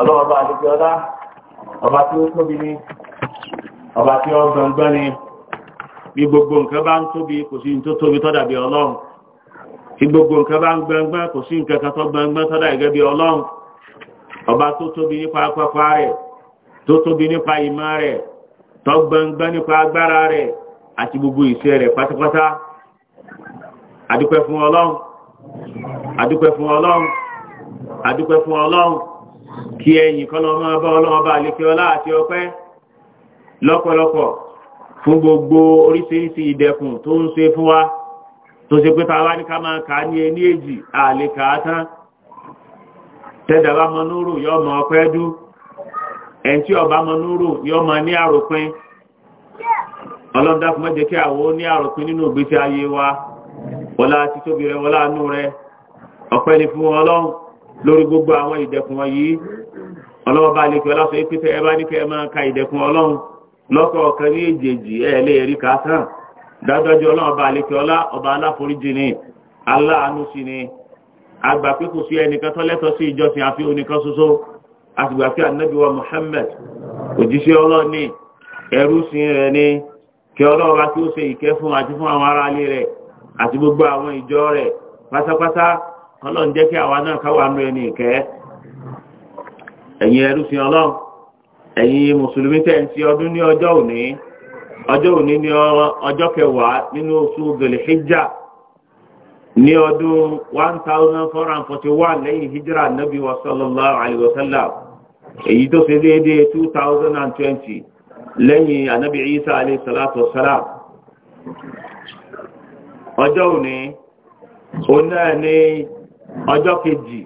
ọlọ́wọ́ bá àdíkẹ́ ọlá ọba tí ó tóbi ní ọba tí ó gbọ̀ngbọ́n ni bí gbogbo nǹkan bá ń tóbi kò sí tó tóbi tọ́dà bí ọlọ́run bí gbogbo nǹkan bá ń gbọ̀ngbọ́n kò sí nǹkan kan tó gbọ̀ngbọ́n tọ́dà gẹ́gẹ́ bí ọlọ́run ọba tó tóbi nípa pápá rẹ̀ tó tóbi nípa ìmọ̀ rẹ̀ tó gbọ̀ngbọ́n nípa agbára rẹ̀ àti gbogbo iṣẹ́ rẹ̀ pátápátá adúpẹ́ fún ọlọ́run adúpẹ́ fún ọlọ́run adúpẹ́ fún ọlọ́run kí ẹ̀yìn kọ́lọ́mọ́ ọba ọlọ́mọba àlekẹ́ ọlá àti ọpẹ́ lọ́pọ̀lọpọ̀ fún gbogbo oríṣiríṣi ìdẹ̀kùn tó ń ṣe fún wa tó ṣe pé ta wá ní ká máa kà á ní ẹni èjì àlekà á tán tẹ́dà bá mọ núrù yọ mọ ọpẹ́ dú ẹni tí ọba mọ núrù yọ mọ ní àròpin ọlọ́dàkùn mẹ́jẹ kí àwọ ní àròpin nínú ìgbésí ayé wa wọlá títóbi rẹ wọlá ni fún ọlọ́run lórí gbogbo àwọn ìdẹ̀kùn wọ̀nyí ọlọ́wọ́ bá lè kí ọlá sọ pé ẹ bá ní kẹ́ ẹ máa ka ìdẹ̀kùn ọlọ́run lọ́kọ̀ ọ̀kan ní èjèèjì ẹ lè rí ká tán dájọ́jú ọlọ́wọ́ bá lè kí ọlá ọba aláforíjì ni aláàánú sí ni àgbà pé kò sí ẹnìkan tó lẹ́tọ̀ọ́ sí ìjọsìn àfi onìkan ṣoṣo àtìgbà pé ànábì wa Muhammad òjíṣẹ́ ọlọ́run ni ẹrú sí rẹ̀ ni kí ọlọ́wọ́ bá kí ó ṣe ìkẹ́ fún àti fún àwọn aráalé rẹ̀ àti gbogbo àwọn ìjọ rẹ̀ pátápátá ọlọ́run jẹ́ kí àwa náà káwà nú ẹni ìkẹ́ ẹ̀yin ẹrú sí ọlọ́run ẹ̀yin mùsùlùmí tẹ̀ ń ti ọdún ní ọjọ́ òní ọjọ́ òní ní ọjọ́ kẹwàá nínú oṣù gèlè hijja ní ọdún one thousand four hundred forty one lẹ́yìn hijra nabi wa sallallahu alayhi èyí tó ṣe déédéé two thousand and twenty lẹ́yìn anabi isa alayhi salatu wa salam ọjọ́ òní òun náà ní. ọjọ́ kejì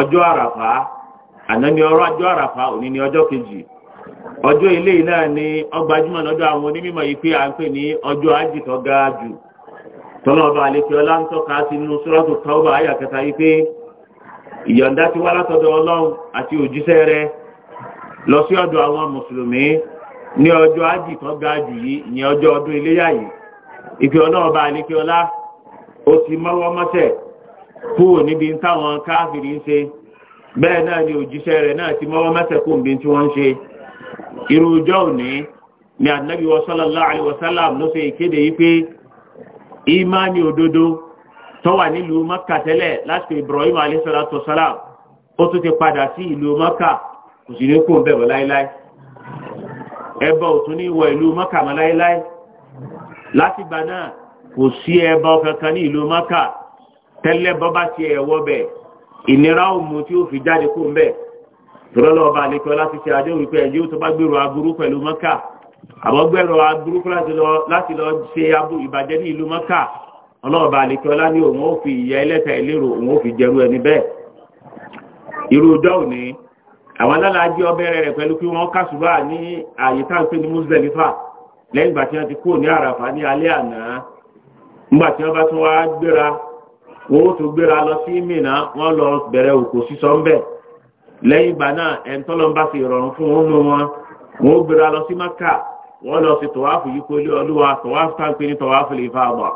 ọjọ́ àràfà àná ni ọrọ̀ ọjọ́ àràfà òní ni ọjọ́ kejì ọjọ́ ilé ilé ni ọgbàjúmọ̀ lọ́dọ̀ àwọn onímọ̀ yìí pé à ń pè ní ọjọ́ ájì ga jù tọ́lọ́ọ̀bà àlekè ọlá ń tọ́ka sí sọ́lọ́tò tọ́ọ̀bà kẹta yìí pé ìyọ̀ǹda ti wá látọ̀dọ̀ ọlọ́run àti òjíṣẹ́ lọ sí ọ̀dọ̀ àwọn mùsùlùmí ní ọjọ́ ga jù yìí ọjọ́ ọdún iléyà yìí kúrò níbi táwọn ń ṣe bẹ́ẹ̀ náà ni òjíṣẹ́ rẹ̀ náà ti mọ́wọ́ mẹ́sẹ̀kùn bí tí wọ́n ń ṣe irú ọjọ́ òní ni sallallahu alaihi wasallam ló ṣe ìkéde yìí pé ìmánì òdodo tó wà nílùú tẹ́lẹ̀ láti Ibrahim alayhi ó tún ti padà sí ìlú Mẹ́kà kò sì ní kún bẹ̀rẹ̀ láíláí ẹbọ ò ní wọ ìlú kankan ní ìlú tẹ́lẹ̀ bọ́bá ti ẹ̀wọ́ bẹ̀ ìnira òmù tí ó fi jáde kó tọ́lọ́lọ́ ọba àlekọ́ láti ṣe àdéhùn wípé ẹ̀yẹ́ tó bá gbèrò aburú pẹ̀lú mọ́kà àbọ̀ aburú láti lọ ṣe ìbàjẹ́ ní ìlú mọ́kà ọlọ́ọ̀ba àlekọ́ láti òun ó fi ìyà ẹlẹ́tẹ̀ ìlérò òun ó fi jẹrú ẹni bẹ́ẹ̀ irú ọjọ́ òní àwọn alálàájí rẹ̀ pẹ̀lú wọ́n kásùbà ní àyè táǹpé ní wọn ó tún gbéra lọ sí Mínà wọn lọ bẹ̀rẹ̀ òkò sísọ ń bẹ̀ lẹ́yìn ìgbà náà ẹ̀ńtọ́lọ́n bá fi ìrọ̀rùn fún wọn nù wọn wọn ó gbéra lọ sí Maka wọn lọ sí tọ́wáfù yìí kólé Olúwa tọ́wáfù táǹpé ní tọ́wáfù lè fa àgbà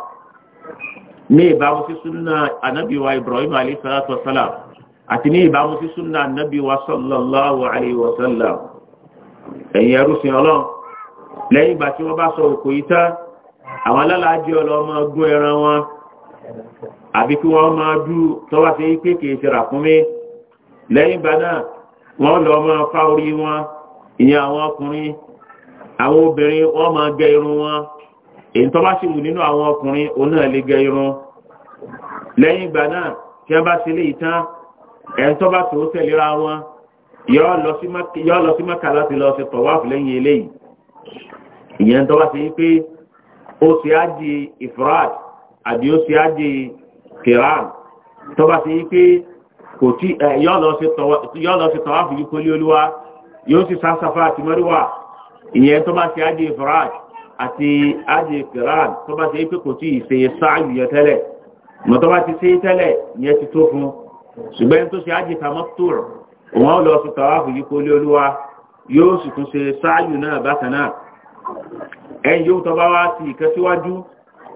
ní ìbámu sí súnà ànábì wa Ibrahim alayhi salatu wa salam àti ní ìbámu sí súnà ànábì wa sallallahu alayhi wa sallam ẹ̀yin ẹrú sin ọlọ́run lẹ́yìn ìgbà tí wọ́n bá sọ òkò yìí tán àwọn alálàájẹ́ ọlọ́mọ gún ẹran àbí kí wọ́n máa dú tọ́wá sí pé kì í ṣe ràkúnmí lẹ́yìn ìgbà náà wọ́n lọ máa fá orí wọn ìyẹn àwọn ọkùnrin àwọn obìnrin wọ́n máa gẹ irun wọn èyí tó bá sì wù nínú àwọn ọkùnrin òun náà lè gẹ irun lẹ́yìn ìgbà náà tí wọ́n bá ṣe lè tán ẹni tó bá tó tẹ̀léra wọn yóò lọ sí Mẹ́kà láti lọ ṣe tọ̀wáàfù lẹ́yìn eléyìí ìyẹn tó bá ṣe pé ó ṣe á di ìfúráàdì àbí ó ṣe á di kìrán tó bá ti yí pé kò tí yọ́ lọ sí tọ́wá fún yípo lé olúwa yóò sì sáfà àti mẹ́rìwá ìyẹn tó bá ti ájì ìfúráàjì àti ájì kìrán tó bá ti yí pé kò tí ì ṣe sáàyù yẹ tẹ́lẹ̀ mọ̀ tó bá ti ṣe tẹ́lẹ̀ yẹ ti tó fún ṣùgbọ́n tó ṣe ájì tamattur òun lọ sí tọ́wá fún yípo lé olúwa yóò sì tún ṣe sáàyù náà bákan náà ẹ̀yìn yóò tọ́ bá wá sí ìkẹ́síwájú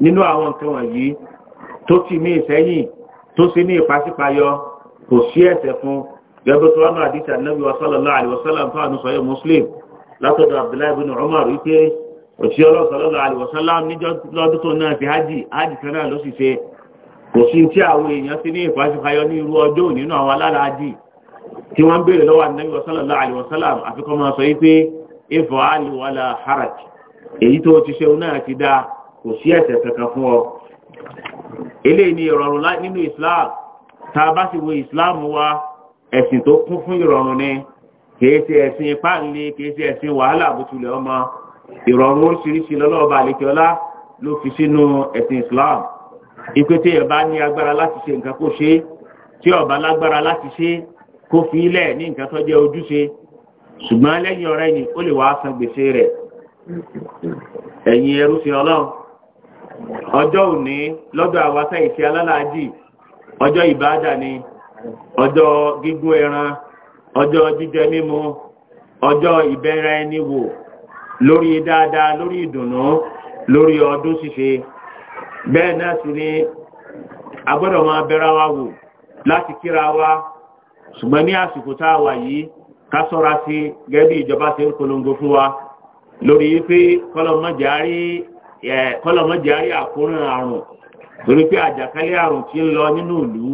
nínú àwọn nǹkan wọ̀nyí tó ti ní ìsẹ́yìn tó sì ní ìpàsípayọ kò sí ẹ̀ṣẹ̀ fún gẹ́gẹ́ tó wánú àdìsí ànábì sallallahu alaihi wasallam fún ànúsọ̀yẹ muslim látọ̀dọ̀ abdullahi bin umar wípé òsì ọlọ́run sallallahu alaihi wasallam níjọ́ lọ́dún tó náà ti hajj hajj kan náà ló sì ṣe kò sí tí àwọn èèyàn ti ní ìpàsípayọ ní irú ọjọ́ òní nínú àwọn alálàájì tí wọ́n ń béèrè lọ́wọ́ ànábì sallallahu alaihi wasallam àfikọ́ máa sọ wípé ifọ̀ àlùwalà haraj èyí tó ti ṣe ele ni ìrọ̀rùn nínú islam ta bá sì wo islam wa ẹ̀sìn tó kún fún ìrọ̀rùn ni kìí ṣe ẹ̀sìn páàlì kìí ṣe ẹ̀sìn wàhálà àbútulẹ̀ ọmọ ìrọ̀rùn oríṣiríṣi lọ́lọ́ọ̀bà àlekẹ́ọ́lá ló fi sínú ẹ̀sìn islam ipe ẹ̀bá ní agbára láti ṣe nǹkan kó ṣe tí ọ̀bá lágbára láti ṣe kó fi ilẹ̀ ní nǹkan tó jẹ́ ojúṣe ṣùgbọ́n lẹ́yìn ọ̀rẹ́ ni ó lè wàá san gbèsè rẹ̀ ẹrú ọjọ́ òní lọ́dọ̀ àwáfẹ́ ìṣe alálàájì ọjọ́ ìbáàdà ni ọjọ́ gígún ẹran ọjọ́ jíjẹ mímu ọjọ́ ìbẹ̀rẹ̀ ẹni wò lórí dáadáa lórí ìdùnnú lórí ọdún ṣíṣe bẹ́ẹ̀ náà sì ni a gbọ́dọ̀ máa wa wò láti kíra wa ṣùgbọ́n ní àsìkò tá a wà yìí ká sọ́ra sí gẹ́gẹ́ bí ìjọba ṣe ń polongo fún wa lórí ẹ kọlọmọdé ayé àkóràn àrùn torí pé àjàkálẹ̀ àrùn ti ń lọ nínú ìlú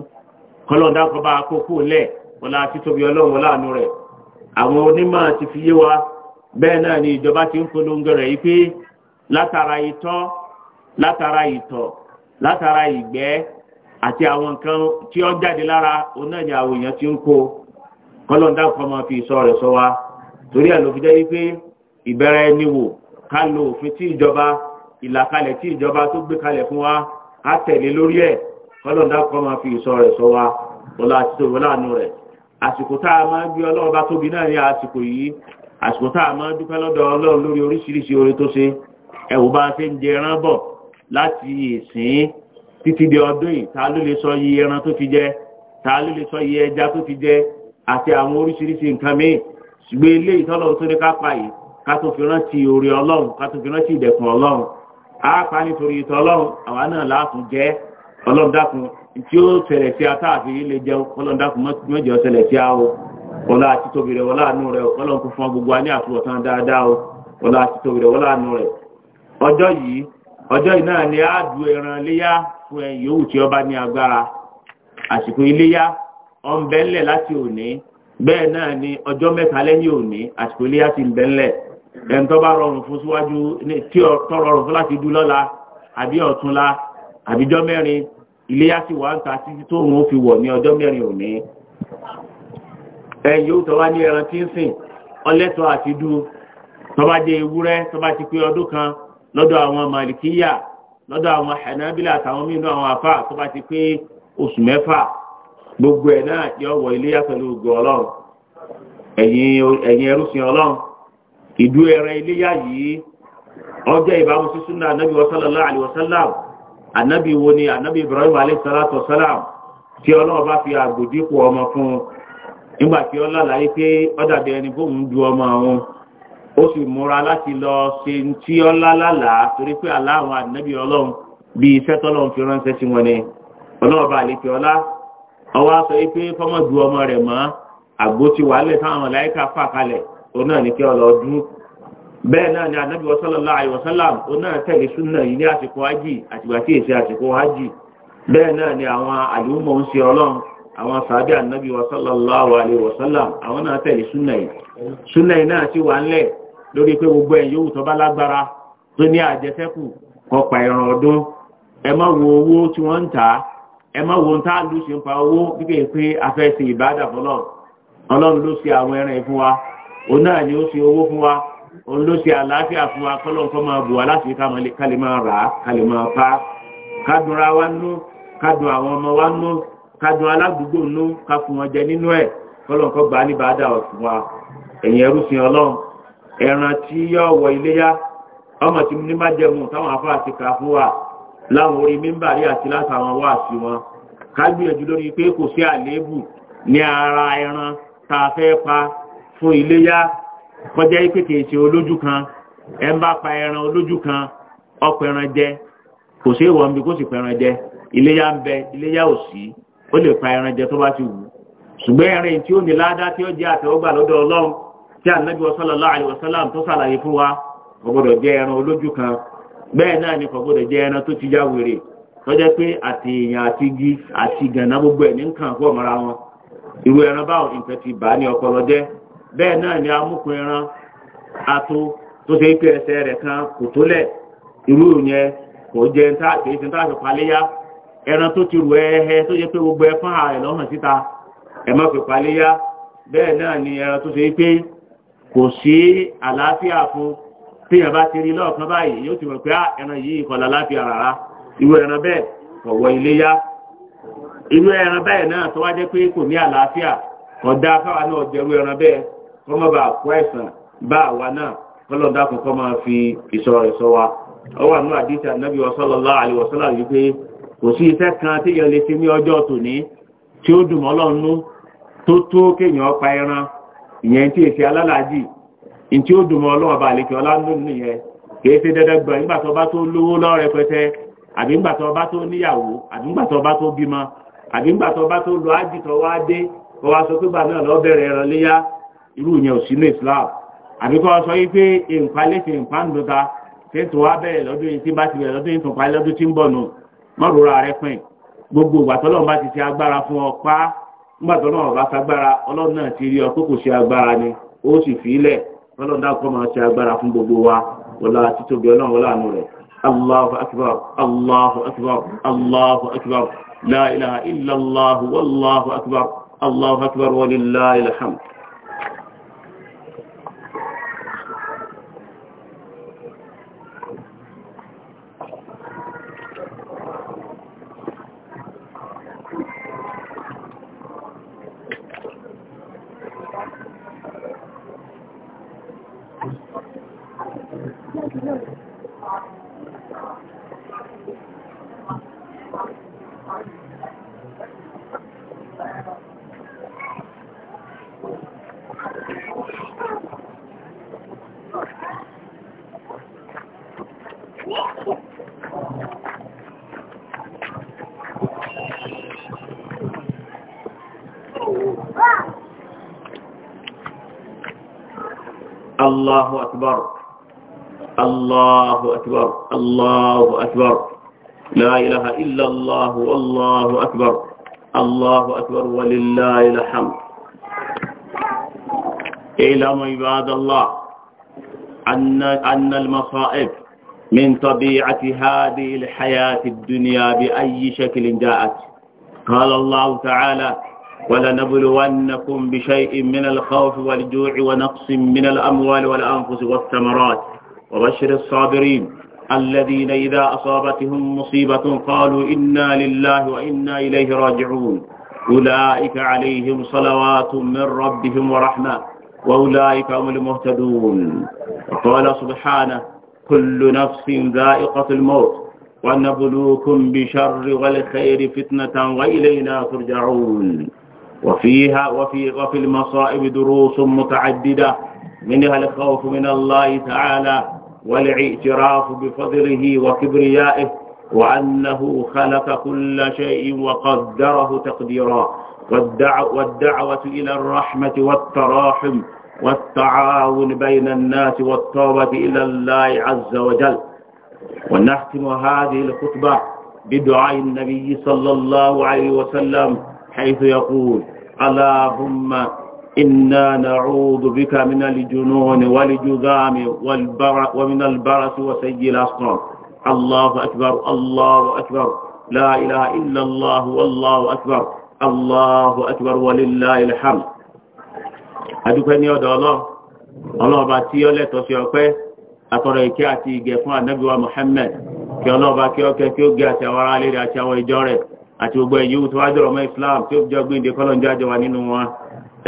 kọlọ kan bá kókó lẹ̀ wọlá títóbi ọlọ́run láàánú rẹ̀ àwọn onímọ̀ ti fi yé wa bẹ́ẹ̀ náà ni ìjọba ti ń polongo rẹ̀ yìí pé látara itọ́ látara ìtọ̀ látara ìgbẹ́ àti àwọn nǹkan tí ó jáde lára ti ń kó kọlọ̀dá kan máa sọ wa torí ẹ̀ ló fi jẹ́ wípé ìbẹ̀rẹ̀ ẹni ìlàkalẹ̀ tí ìjọba tó gbé kalẹ̀ fún wa á tẹ̀lé lórí ẹ̀ kọ́lọ́dá kọ́ máa fi ìsọ rẹ̀ sọ wa ọlá àti tó wọlé àánú rẹ̀ àsìkò tá a máa gbé ọlọ́run bá tóbi náà ní àsìkò yìí àsìkò tá a máa dúpẹ́ lọ́dọ̀ ọlọ́run lórí oríṣiríṣi oore tó ṣe ẹ̀wò bá a ṣe ń jẹ ẹran bọ̀ láti ìsìn títí di ọdún yìí ta ló lè sọ iye ẹran tó ti jẹ ta ló lè sọ iye ẹja tó ti jẹ àti àwọn oríṣiríṣi nǹkan míì ṣùgbọ́n eléyìí tọ́lọ́run tó ní ká pa yìí ká tó fi rántí oore ọlọ́run ká tó fi rántí ìdẹ̀kùn ọlọ́run àápa nítorí ìtọ́ ọlọ́run àwa náà láàfún jẹ́ ọlọ́run dákun tí ó ṣẹlẹ̀ sí ata lè jẹun ọlọ́run dákun mẹ́jọ sí àwọ ọlá àti tóbi rẹ̀ wọlá àánú rẹ̀ ọlọ́run kún fún gbogbo àní dáadáa o àti tóbi rẹ̀ àánú rẹ̀ ọjọ́ yìí ọjọ́ yìí ni a du ẹran fún yòówù tí ọba ní agbára àsìkò iléyà ọ̀nbẹ́ńlẹ̀ láti ni ọjọ́ mẹ́ta lẹ́yìn òní àsìkò iléyà ti ń bẹ́ńlẹ̀ ẹni tó bá rọrùn fún síwájú tí tó rọrùn fún láti dúró lọ́la àbí ọ̀túnla àbíjọ́ mẹ́rin iléyà sì wà ń ta títí tó òun fi wọ̀ ní ọjọ́ mẹ́rin òní ẹ̀yìn yóò tọ́ wá ní ẹran tí ń sìn ọlẹ́tọ̀ àti dú tó bá dé ewúrẹ́ tó bá ti pé ọdún kan lọ́dọ̀ àwọn màlìkíyà lọ́dọ̀ àwọn hànábílà àtàwọn mìíràn àwọn àfà tó bá ti pé oṣù mẹ́fà gbogbo ẹ̀ náà yọ wọ iléyà pẹ̀lú ògo ọlọ́run ẹ̀yin ẹ̀yin ọlọ́run ìdú ẹran iléyà yìí ọjọ́ ìbámu sí súnà anábì sallallahu alaihi wasallam anábì wo ni anábì ibrahim alayhi salatu wasallam tí ọlọ́run bá fi àgbò dípò ọmọ fún un nígbà tí ọlá láyé pé ọ̀dàdẹ ẹni fóun ju ọmọ àwọn ó sì múra láti lọ ṣe tí ọlá lálàá torí pé aláwọn anábì ọlọ́run bíi iṣẹ́ tọ́lọ́run fi ránṣẹ́ sí wọn ni ọlọ́run bá lè fi ọlá ọwọ́ aṣọ pé fọ́mọ̀ ju ọmọ rẹ̀ mọ́ àgbò ti wà lẹ̀ ona náà ní kí ọ bẹ́ẹ̀ náà ni anabi alaihi yìí ní àsìkò èsì bẹ́ẹ̀ náà ni àwọn ń àwọn sàbí anabi alaihi àwọn náà yìí yìí náà ti wà lórí pé gbogbo yóò tọ́ bá lágbára tó ní àjẹsẹ́kù ọdún ẹ má wo owó tí wọ́n ń ta ẹ má wo ṣe ń pa owó bí pé afẹ́ ṣe ìbádà ọlọ́run òun náà ni ó fi owó fún wa òun ló ṣe àlàáfíà fún wa kọ́lọ́ nǹkan máa bù wá láti ká lè máa rà á máa pa á ká wa nú ká àwọn ọmọ wa nú ká aládùúgbò nú ká fún wọn jẹ nínú kọ́lọ́ nǹkan gbà á ní wa ẹ̀yìn ẹrú ọlọ́run ẹran ti kà fún wa láwọn orí mímbàrí àti látàwọn wá sí wọn ká gbìyànjú lórí pé kò sí àléébù ara ẹran tá pa fún iléyá kọjá pé kìí olójú kan ẹ ń bá pa ẹran olójú kan ọ̀pọ̀ ẹran jẹ kò sí ìwọ̀n mi kó sì pa ẹran jẹ iléyá ń bẹ iléyá ò sí pa ẹran jẹ tó bá ti ẹran tí ó ní ládá tí ó tí tó ṣàlàyé fún wa kò jẹ ẹran olójú kan bẹ́ẹ̀ náà ni kò jẹ ẹran tó ti já wèrè tọ́jẹ́ pé àti bẹ́ẹ̀ náà ni amúkun ẹran ato tó ṣe pé ẹsẹ̀ rẹ̀ kan kò tó lẹ̀ irú yẹn kò jẹ ní táàpì ní táàpì paléyà ẹran tó ti rù tó yẹ pé gbogbo ẹfọn ààrẹ lọ́hàn síta ẹ má fi paléyà bẹ́ẹ̀ náà ni ẹran tó ṣe pé kò sí àlàáfíà fún téèyàn bá ti rí lọ́ọ̀kan báyìí yóò ti mọ̀ pé ah, ẹran yìí kò lálàáfíà rárá irú ẹran bẹ́ẹ̀ kò wọ irú bẹ́ẹ̀ kọ́mọ bá kó ẹ̀sán bá àwa náà fi ìṣọ́ rẹ̀ wa ó wà nínú àdìsí ànábì sallallahu alaihi yìí pé kò sí iṣẹ́ kan tí yẹn lè ṣe ní ọjọ́ tòní tí ó dùn mọ́lọ́ nú tó tó kéèyàn pa ẹran ìyẹn tí èsì alálàájì ó dùn àlekè ọlá ń lónìí yẹn ṣe dandan nígbà tó bá tó lówó àbí tó bá tó níyàwó àbí tó bá tó bímọ àbí tó bá tó lọ ájì tó irú yẹn ò sínú Islam àbíkọ́ sọ yí pé nǹkan léṣe nǹkan ń dọ́ta ṣé tó wá lọ́dún yìí tí bá gbogbo bá ti ṣe agbára fún ọ pa nígbà tọ́lọ́run bá ṣagbára ọlọ́run náà ti rí ọ pé kò ṣe agbára ni ó sì fi dákọ́ máa ṣe الله أكبر الله أكبر الله أكبر لا إله إلا الله والله أكبر الله أكبر ولله الحمد اعلموا عباد الله أن أن المصائب من طبيعة هذه الحياة الدنيا بأي شكل جاءت قال الله تعالى ولنبلونكم بشيء من الخوف والجوع ونقص من الأموال والأنفس والثمرات وبشر الصابرين الذين إذا أصابتهم مصيبة قالوا إنا لله وإنا إليه راجعون أولئك عليهم صلوات من ربهم ورحمة وأولئك هم المهتدون وقال سبحانه كل نفس ذائقة الموت ونبلوكم بشر والخير فتنة وإلينا ترجعون وفيها وفي وفي المصائب دروس متعددة منها الخوف من الله تعالى والاعتراف بفضله وكبريائه وأنه خلق كل شيء وقدره تقديرا والدعوة إلى الرحمة والتراحم والتعاون بين الناس والتوبة إلى الله عز وجل ونختم هذه الخطبة بدعاء النبي صلى الله عليه وسلم حيث يقول اللهم إنا نعوذ بك من الجنون والجذام والبرق ومن البرس وسيء الأسقام الله أكبر الله أكبر لا إله إلا الله والله أكبر الله أكبر ولله الحمد adúpẹ́ ní ọ̀dọ̀ ọlọ́run ọlọ́run bá tí ó lẹ́tọ̀ọ́ sí ọpẹ́ àtọ̀rọ̀ ìkẹ́ àti ìgẹ̀ fún ànábì wa kí ọlọ́run bá kí ọkẹ́ kí ó gẹ́ àti àwọn ará àti àwọn ìjọ rẹ̀ àti gbogbo ẹ̀yin yòówù tó wá mọ́ Islam tí ó jọ gbéǹde kọ́lọ́njá jọ wà nínú wọn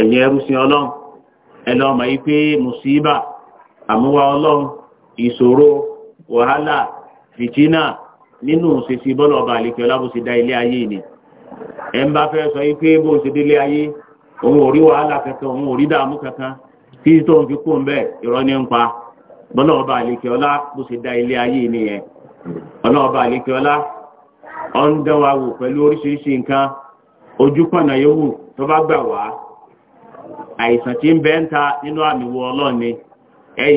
ẹ̀yin ẹrú sin ọlọ́run ẹ lọ́ọ́ mọ̀ pé mùsíbà àmúwá ọlọ́run ìṣòro wàhálà fìtínà nínú òṣèṣì bọ́lọ̀ ọba ni sọ pé bó ṣe délé ayé òun ò rí wàhálà kankan òun ò rí dààmú kankan tó ń fi kó ń bẹ́ ọ wụ pẹlụ wa wò pẹ̀lú oríṣiríṣi nǹkan ojúkọ̀nà tó bá gbà wá àìsàn tí ń ń ta nínú àmì wo ni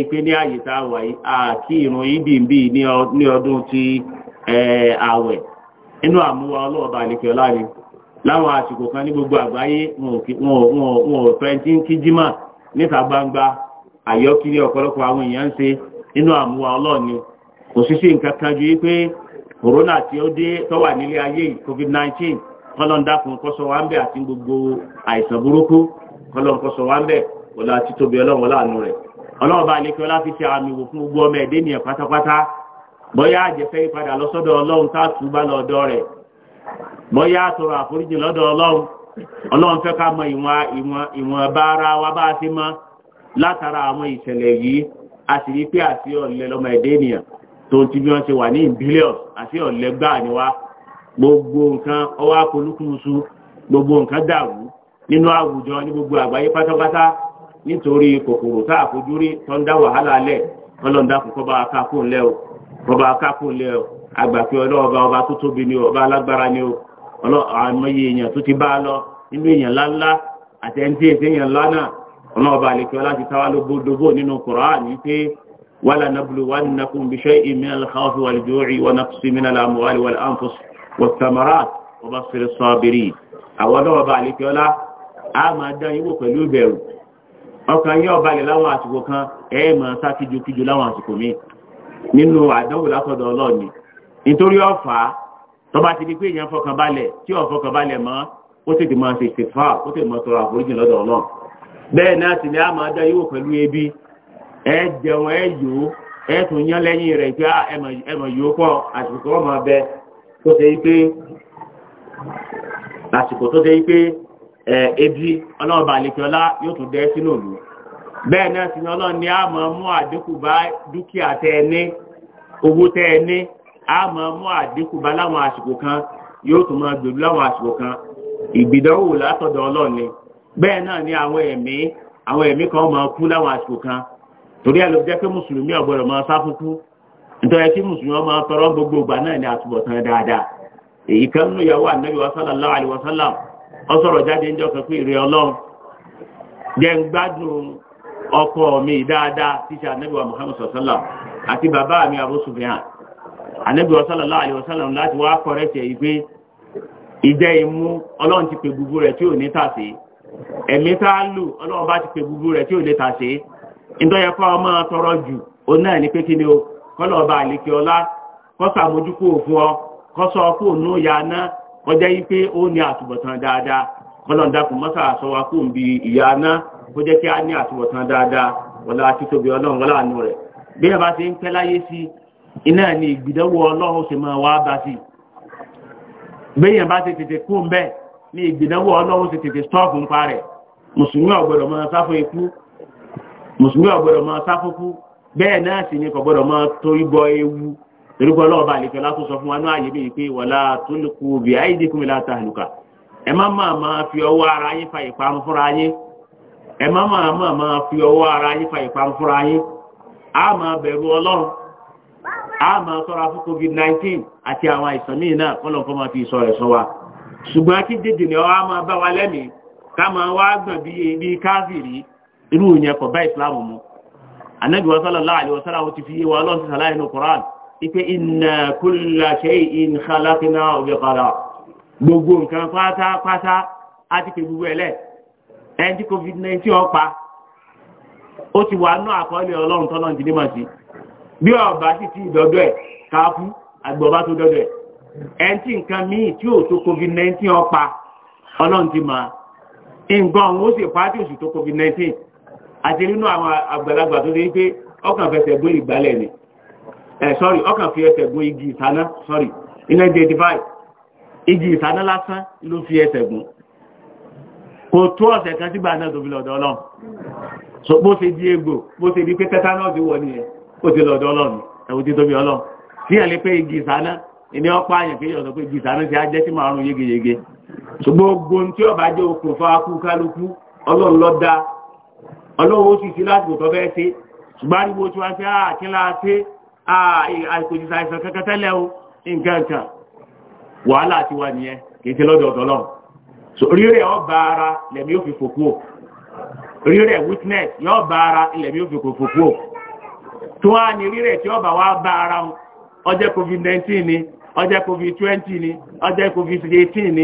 pé ní àyè tá a wà yìí àti ìrun yìí bì ń bì ní ọdún ti ààwẹ̀ kan ní gbogbo àgbáyé wọn ò fẹ́ tí ń kí níta gbangba àyọkiri ọ̀pọ̀lọpọ̀ àwọn èèyàn ń nínú àmúwa kò corona tí ó dé tó wà nílé ayé yìí covid nineteen kọ́lọ́n dákun kọ́sọ wa ń bẹ̀ àti gbogbo àìsàn burúkú kọ́lọ́n kọ́sọ wa ń bẹ̀ wọlé àti tóbi ọlọ́run láàánú rẹ̀ ọlọ́run bá lẹ́kẹ́ ọlá fi ṣe àmì wò fún gbogbo ọmọ ẹ̀dẹ́ nìyẹn pátápátá bóyá àjẹfẹ́ ìpadà lọ́sọ́dọ̀ ọlọ́run tá a tù bá lọ́dọ̀ rẹ̀ bóyá àtọrọ àforíjì lọ́dọ̀ ọlọ́run ọlọ́run fẹ́ ká mọ ìwọ̀n ìwọ̀n ìwọ̀n bá ara wa bá a ti mọ́ látara àwọn ìṣẹ̀lẹ̀ yìí a sì rí pé àti ọ̀lẹ́ lọ́mọ ẹ̀dẹ́ nìyẹn tó ti bí wọ́n ṣe wà ní billions àti ọ̀lẹ́gbà ni gbogbo nǹkan ọwọ́ akọlùkùnṣu gbogbo nǹkan dàrú nínú àwùjọ ní gbogbo àgbáyé pátápátá nítorí kòkòrò tá a fojú rí tó ń dá wàhálà lẹ̀ kò kọ́ba o kọ́ba o ọba tó tóbi ni ọba alágbára ni o àmọye èèyàn tó ti bá a lọ nínú èèyàn èèyàn ọlá ti pé ولنبلونكم بشيء من الخوف والجوع ونقص من الأموال والأنفس والثمرات وبصر الصابرين àwọn ọba àlekíọ́lá a máa dán yín wò pẹ̀lú ìbẹ̀rù ọkàn yín ọba ilẹ̀ láwọn àsìkò kan ẹ máa sá kíjokíjo láwọn àsìkò míì nínú àdánwò látọ̀dọ̀ ọlọ́ọ̀ni nítorí ọ̀fà tọba ti di pé èèyàn fọkàn balẹ̀ tí ò fọkàn balẹ̀ mọ́ ó sì ti máa ṣe ìṣèfà ó sì máa tọrọ àforíjì lọ́dọ̀ ọlọ́ọ̀ bẹ́ẹ̀ náà sì ni a máa dán yín wò pẹ̀lú ebi ẹ jẹun ẹ yò ó ẹ tún yán lẹ́yìn rẹ̀ pé ah, ẹ mọ̀ yòó àsìkò ọmọ abẹ tó ṣe yí pé àsìkò tó ṣe yí pé ebi ọlọ́ọ̀bà àlekíọ́lá yóò tún dẹ́ sínú òlu bẹ́ẹ̀ náà sì ni ọlọ́run ní àmọ́ mú àdínkù bá dúkìá tẹ ẹ ní owó tẹ ẹ ní àmọ́ mú àdínkù bá láwọn kan yóò tún máa gbèrú láwọn àsìkò kan ìgbìdánwò bẹ́ẹ̀ náà ni àwọn ẹ̀mí àwọn ẹ̀mí kan máa kú kan torí ẹ ló jẹ́ pé mùsùlùmí ọ̀gbọ́dọ̀ máa sáfúkú nítorí kí mùsùlùmí ọmọ tọrọ gbogbo ìgbà náà ní àtúbọ̀tán dáadáa èyí kan nínú ìyàwó ànábì sallallahu alaihi wasallam ó sọ̀rọ̀ jáde ń jọ pé ọkọ mi dáadáa tíṣà ànábì wa muhammadu àti bàbá mi ní gbogbo ìdọ́yẹ fún ọmọ tọrọ jù òun náà ní pé kí ni o kọ́lọ̀ ọba àlekè ọlá kọ́sọ̀ àmójúkú òfin ọ kọ́sọ̀ ọkọ̀ òun ó yá ná kọjá yí pé ó ní àtúbọ̀tán dáadáa kọ́lọ̀ ń dákun mọ́sà àṣọ wa kó ń bi ìyá ná kó jẹ́ kí á ní àtúbọ̀tán dáadáa wọlé akítóbi ọlọ́run wọlé àánú rẹ̀ bí ẹ bá ti ń pẹ́ láyé sí iná ní ìgbìdánwò ọlọ́run ṣe máa wá bá sí béèyàn bá ti tètè kú ń bẹ́ẹ̀ ní ìgbìdánwò ọlọ́run ṣe tètè stọ́ọ̀fù ń parẹ̀ mùsùlùmí ọ̀gbọ̀dọ̀ máa sáfọ́ ikú musulmi ọgbọdọ ma sáfúfú bẹẹ náà sì ni kọ̀gbọ́dọ̀ ma bọ ewu torípọ̀ ọba àlèkẹ́ látó sọ fún wa náà àyè bíi pé wọ̀lá tó lè kú àìdí kúmi àlùkà fi ọwọ́ ara yín fa ìparun fúnra yín ẹ má máa máa máa fi ọwọ́ ara yín fa fúnra yín á á covid-19 àti àwọn àìsàn míì náà fi sọ rẹ̀ sọ wa ni ọ á bá wa lẹ́mìí ká wá gbọ̀n bíi káfíìrì irú yẹn kò bá ìsìláàmù mu anabi wa sallallahu alayhi wa sallam ti fi yé wa ọlọ́run ti sàlàyé ní koran ipe inna kulla shay'in khalaqnahu bi qadar gbogbo nǹkan pátápátá á ti pè gbogbo ẹ̀ lẹ̀ ẹ̀ ń tí covid nineteen ọ̀pá ó ti wà nú àkọọ́lẹ̀ ọlọ́run tọ́lọ́run ti ní màá sí bí ọba sì ti dọ́dọ̀ ẹ̀ káfú àgbọ̀bá tó dọ́dọ̀ ẹ̀ ẹ̀ntì nǹkan míì tí ò tó covid-19 ọpa ọlọ́run ti máa nǹkan àti nínú àwọn àgbàlagbà tó ṣe wípé ọkàn fẹsẹ̀ gún ìgbálẹ̀ ni ẹ̀ sọ́rí ọkàn fi ẹsẹ̀ gún igi ìtaná sọ́rí iná dèdí igi ìtaná lásán ló fi ẹsẹ̀ gún kò tó ọ̀sẹ̀ kan sígbà náà tó fi lọ́dọ̀ ọlọ́run so bó ṣe di egbò bó ṣe di pé tẹ́tánọ́ọ̀sì wọ nìyẹn ó ti lọ́dọ̀ ọlọ́run ẹ̀wù ti tóbi ọlọ́run sí ẹ̀lẹ́ pé igi ìtaná àyàn kéèyàn sọ pé igi ti á jẹ́ sí yégeyége gbogbo ọba jẹ́ okùnfà kú kálukú ọlọ́run ọlọ́wọ́ osisi sì sí láti kò ṣe ṣùgbọ́n tí àti ah, ah, àìkòjì àìsàn kankan tẹ́lẹ̀ o nǹkan kan wàhálà ti wà nìyẹn kì ṣe lọ́dọ̀ ọ̀dọ́lọ́ ọ bá ara lẹ̀mí ó fi fòkú o rírẹ̀ witness yọ bá ara lẹ̀mí ó fi o tó wá ní tí ọba bá ara o ọjẹ́ covid-19 ni ọjẹ́ covid-20 ni ọjẹ́ covid-18 ni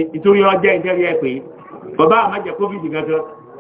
ọjẹ́ ìtẹ́rí ẹ̀ pé bàbá àmọ́jẹ́ covid gangan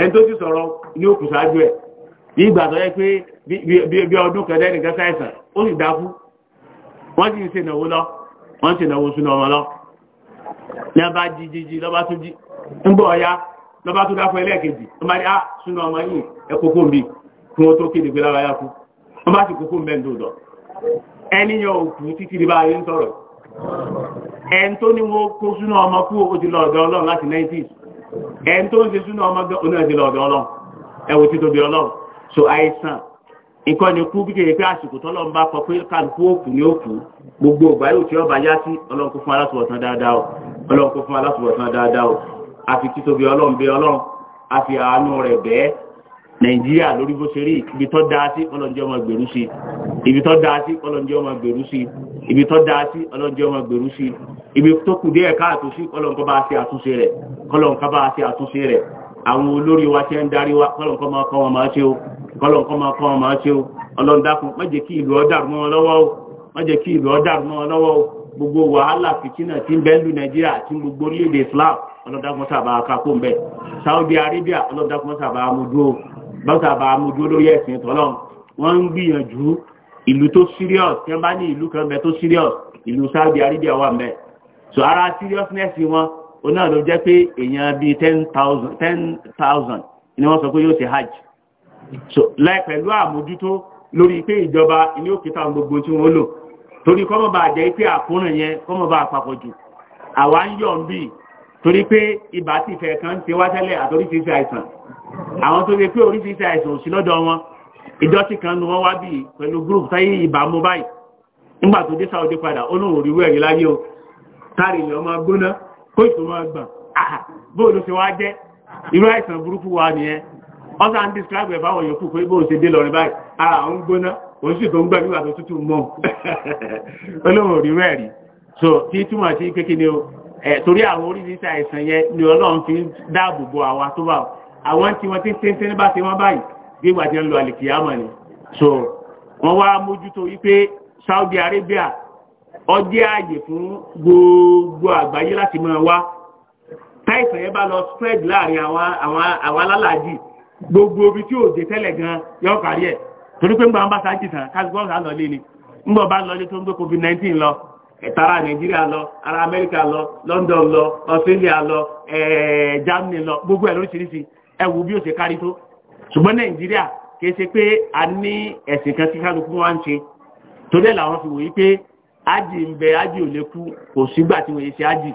ẹni tó ti sọ̀rọ̀ ní òkú ṣáájú ẹ̀ ìgbà tó yẹ pé bí ọdún kẹdẹ́ nìkan ṣàìsàn ó sì dákú wọ́n sì ń ṣe ìnáwó lọ wọ́n ń ṣe ìnáwó súná ọmọ lọ ní a bá jí jí jí lọ́ba tó jí ń bọ̀ ọ̀yá lọ́ba tó dákú ẹlẹ́ẹ̀kejì wọ́n bá ní á ah, súná ọmọ yìí ẹ kókó mi kí wọ́n tó kéde pé lára yá kú wọ́n bá sì kókó mẹ́ńdò lọ ẹni òkú títí di bá ayé ń sọ̀rọ̀ ẹni wọ́n kó ọmọ kú ti lọ ọ̀dọ̀ ọlọ́run láti 90s ẹni tó ń ṣe súnà ọmọ gan oní ẹ̀sìn lọ́dọ̀ ọlọ́run ẹ̀wò tí tóbi ọlọ́run so àìsàn nǹkan ni kú bíkẹ́ yẹn pé àsìkò tọ́lọ́ ń bá kọ pé ni gbogbo ọ̀gbá yóò ya ọba yá sí o o bi bi nàìjíríà lórí bó ṣe rí ibi tó dáa sí ọlọ́njẹ́ ọmọ gbèrú sí ibi tó dáa sí ọlọ́njẹ́ ọmọ gbèrú sí ibi tó dáa sí ọlọ́njẹ́ ọmọ gbèrú sí ibi tó kù díẹ̀ káàtó sí kọ́lọ́nkọ́ bá ṣe àtúnṣe rẹ̀ kọ́lọ́nkọ́ bá ṣe àtúnṣe rẹ̀ àwọn olórí wa ṣe ń darí wa kọ́lọ́nkọ́ máa kọ́ ṣe o kọ́lọ́nkọ́ máa kọ́ wọn máa ṣe o ọlọ́ndàkùn má jẹ́ kí ìlú ó Saudi Arabia ọlọ́dàkùn sábà mú bọ́sà bá mojú olórí ẹ̀sìn tọ́lọ́ wọ́n ń gbìyànjú ìlú tó serious tí wọ́n bá ní ìlú kan bẹ tó serious ìlú Saudi Arabia wà mẹ́ so ara seriousness wọn oná ló jẹ́ pé èèyàn bíi ten thousand ten thousand ni wọ́n sọ pé yóò ṣe hajj so láì pẹ̀lú àmójútó lórí pé ìjọba ilé òkè táwọn gbogbo tí wọ́n lò torí kọ́mọ̀ bá jẹ́ pé àkóràn yẹn kọ́mọ̀ bá papọ̀ jù àwa ń yọ̀ ń bì torí pé ibà kan ti wá tẹ́lẹ̀ àtòrí ti fi àìsàn àwọn tó fi pé oríṣiríṣi àìsàn òsì lọ́dọ̀ wọn ìdọ̀tí kan nu wọn wá bí pẹ̀lú group táyé ìbámu báyìí nígbà tó dé sáwọ́dé padà ó lóun òrìwé ẹ̀rí láyé o táàrí ilẹ̀ ọmọ gbóná kó ìtò máa gbọ̀n bóòlù fi wá jẹ́ irú àìsàn burúkú wa nìyẹn ọ́sà ń describe ẹ̀fà wọ̀nyẹ̀ kú pé bóòlù ṣe dé lọ́rin báyìí ara àwọn gbóná òun sì tó ń gbà nígbà tó tútù mọ́ ó lóun òrìwé ẹ̀rí so tí túmọ̀ sí kékeré o torí àwọn oríṣiríṣi àìsàn yẹn ni Ọlọ́run fi ń dáàbò bo àwa tó àwọn tí wọ́n ti ń tẹ́ntẹ́ ní bá ti wọ́n báyìí bí ìgbà tí wọ́n lọ àlìkìyàmà ni so wọ́n wá mójútó wípé Saudi Arabia ó jẹ́ ààyè fún gbogbo àgbáyé láti máa wá táìsàn yẹn bá lọ spread láàrin àwọn alálàájì gbogbo ibi tí ò dé tẹ́lẹ̀ gan yọ kárí ẹ̀ torí pé ń gba ambassador tán kásìkò ọ̀sán lọ lé ni ń bọ̀ bá lọ lé tó ń gbé COVID-19 lọ tara nàìjíríà lọ ara amẹ́ríkà lọ london lọ australia lọ eh, germany lọ gbogbo ẹ̀ lóríṣiríṣi ewu wo bí ó ṣe kárí tó ṣùgbọ́n nàìjíríà kì ṣe pé a ní ẹ̀sìn kan tí kálukú wá ń ṣe torí ẹ̀ làwọn fi wòye pé ájì ń bẹ ájì ò lè kú kò sígbà tí wọ́n ṣe ájì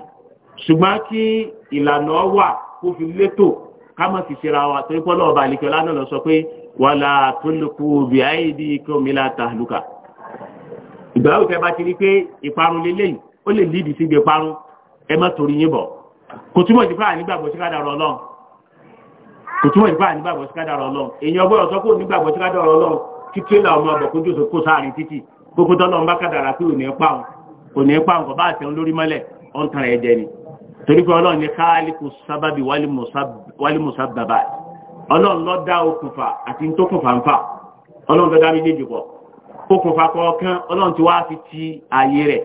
ṣùgbọ́n kí ìlànà wà kó fi létò wa torí náà lọ sọ pé wàlà tó lè kú òbí la ta lùkà ìgbà bá ti rí kò túmọ̀ ìgbà nígbàgbọ́ sí kádàrọ̀ ọlọ́run èèyàn ọgbọ́n ọ̀sọ́ kò nígbàgbọ́ sí kádàrọ̀ ọlọ́run kí tírélà ọmọ ọbọ̀ kójú tó kó sáàrin títì kókó tọ́lọ́ ń bá kádàrà pé òní pa òun òní pa òun kò bá àtẹun lórí mọ́lẹ̀ ọ̀n tan ẹ̀ ni torí pé ọlọ́run ní káálíkù sábàbí wálímùsá bàbá ọlọ́run ló dá okùnfà àti tó kùnfà ń fà ọlọ́run lọ́dá mi méjì pọ̀ okùnfà kọ̀ọ̀kan ọlọ́run ti wá fi ti ààyè rẹ̀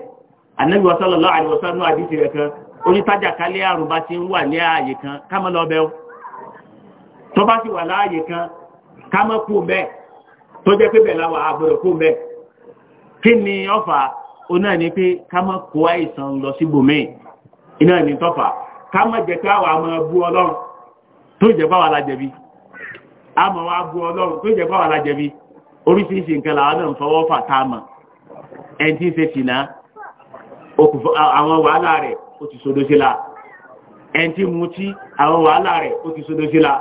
ànábì sallallahu alaihi wasallam àdìsí rẹ̀ kan onítàjà kálí tó bá sì wà láàyè kan ká mọ́ kú bẹ́ẹ̀ tó jẹ́ pé bẹ́ẹ̀ láwà àgbọ̀dọ̀ kú bẹ́ẹ̀ kí ni ọ̀fà ó náà ní pé ká mọ́ kó àìsàn lọ sí bòmíì iná ní tọ́fà ká mọ́ jẹ́ pé àwọn àmọ́ bú ọlọ́run tó jẹ́ báwa la jẹ̀bi àmọ́ wa bú ọlọ́run tó jẹ́ báwa la jẹ̀bi oríṣiríṣi nǹkan làwọn náà ń fọwọ́ fà tá a mọ̀ ẹni tí ń ṣe sìnà àwọn wàhálà rẹ̀ ó ti sodo sí la ẹni tí mutí àwọn wàhálà rẹ̀ ó ti sodo sí la.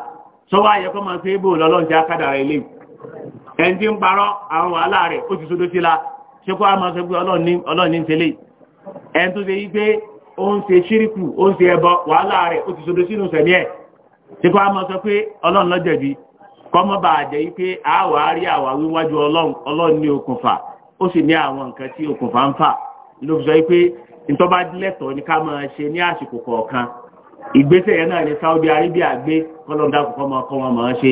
sọ́wọ́ ayẹ́kọ́ máa pé bò lọ́lọ́run ti akádàrà ilé ẹni tí ń parọ́ àwọn wàhálà rẹ̀ ó ti sódó sí la ṣe kó a máa sọ pé ní tẹ́lẹ̀ ẹni tó ṣe yí pé ó ń ṣe ṣíríkù ó ń ṣe ẹbọ wàhálà rẹ̀ ó ti sódó sínú sẹ̀mí ẹ̀ jẹ́ yí pé àwọ̀ á rí wíwájú ní ìgbésẹ̀ yẹn náà ni Saudi Arabia gbé kọ́lọ́dà kọ́kọ́ máa kọ́ wọn máa ṣe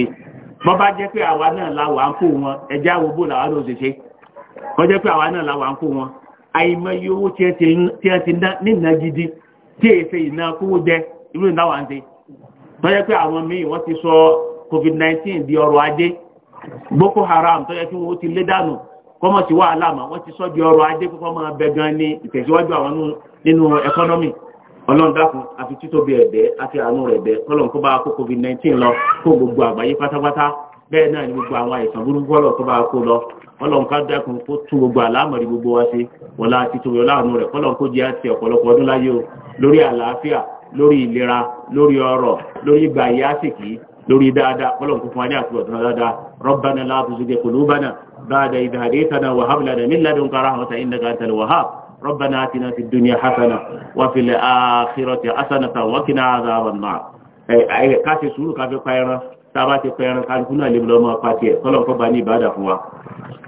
bọ́ bá jẹ́ pé àwa náà la wà ń kó wọn ẹjẹ́ àwọn bò làwa náà ṣe ṣe bọ́ jẹ́ pé àwa náà la wà ń kó wọn àìmọye owó tí ẹ ti ná nínà gidi tí èsè ìná kówó jẹ irú ìná wà ń ṣe bọ́ jẹ́ pé àwọn míì wọ́n ti sọ COVID-19 di ọrọ̀ ajé Boko Haram tó yẹ kí wọ́n ti lé dànù kọ́mọ̀ ti wà á láàmà wọ́n ti sọ di ọrọ̀ ajé kó kọ́ máa bẹ gan ni ìtẹ̀síwájú àwọn nínú ẹkọ́nọ́mì ọlọ́run dákun àfi títóbi ẹ̀bẹ̀ àti àánú rẹ̀ bẹ̀ kọ́lọ̀ kó bá kó covid-19 lọ kó gbogbo àgbáyé pátápátá bẹ́ẹ̀ náà ni gbogbo àwọn àìsàn burúkú kọ́lọ̀ tó bá kó lọ ọlọ́run ká dákun kó tún gbogbo àlámọ̀rí gbogbo wa ṣe wọlá títóbi ọláàánú rẹ̀ kọ́lọ̀ kó jẹ́ àti ọ̀pọ̀lọpọ̀ ọdún láyé o lórí àlàáfíà lórí ìlera lórí ọrọ̀ lórí ìgbà ìyá àsìkí lórí dáadáa kọ́lọ̀ ربنا لا تزغ قلوبنا بعد إذ هديتنا وهب لنا من لدنك رحمة إنك أنت الوهاب ربنا آتنا في الدنيا حسنة وفي الآخرة حسنة وقنا عذاب النار أي كاسي سورو كافي قيرا تاباتي قيرا كان كنا لبلوما فاتي قلوا فباني بادا فوا